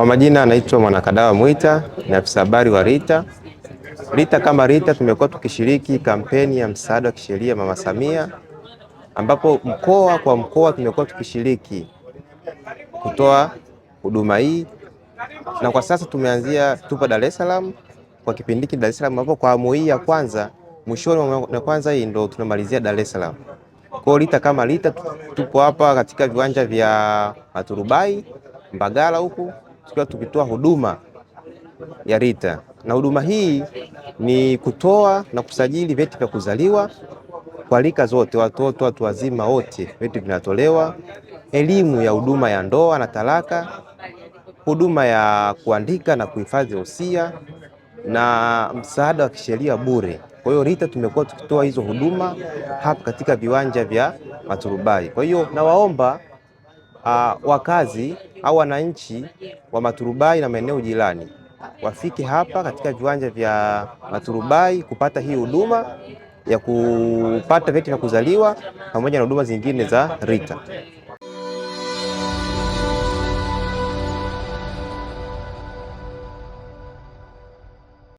Kwa majina anaitwa Mwanakadawa Mwita, ni afisa habari wa Rita. Rita kama Rita tumekuwa tukishiriki kampeni ya msaada wa kisheria Mama Samia, ambapo mkoa kwa mkoa tumekuwa tukishiriki kutoa huduma hii, na kwa sasa tumeanzia, tupo Dar es Salaam kwa kipindi hiki Dar es Salaam, ambapo kwa amu hii ya kwanza mwishoni wa kwanza hii ndo tunamalizia Dar es Salaam. Kwa Rita kama Rita tupo hapa katika viwanja vya Maturubai Mbagala huku tukiwa tukitoa huduma ya RITA, na huduma hii ni kutoa na kusajili vyeti vya kuzaliwa kwa rika zote, watoto, watu wazima wote, vyeti vinatolewa, elimu ya huduma ya ndoa na talaka, huduma ya kuandika na kuhifadhi wosia na msaada wa kisheria bure. Kwa hiyo RITA tumekuwa tukitoa hizo huduma hapa katika viwanja vya Maturubai. Kwa hiyo nawaomba uh, wakazi au wananchi wa Maturubai na maeneo jirani wafike hapa katika viwanja vya Maturubai kupata hii huduma ya kupata vyeti vya kuzaliwa pamoja na huduma zingine za RITA.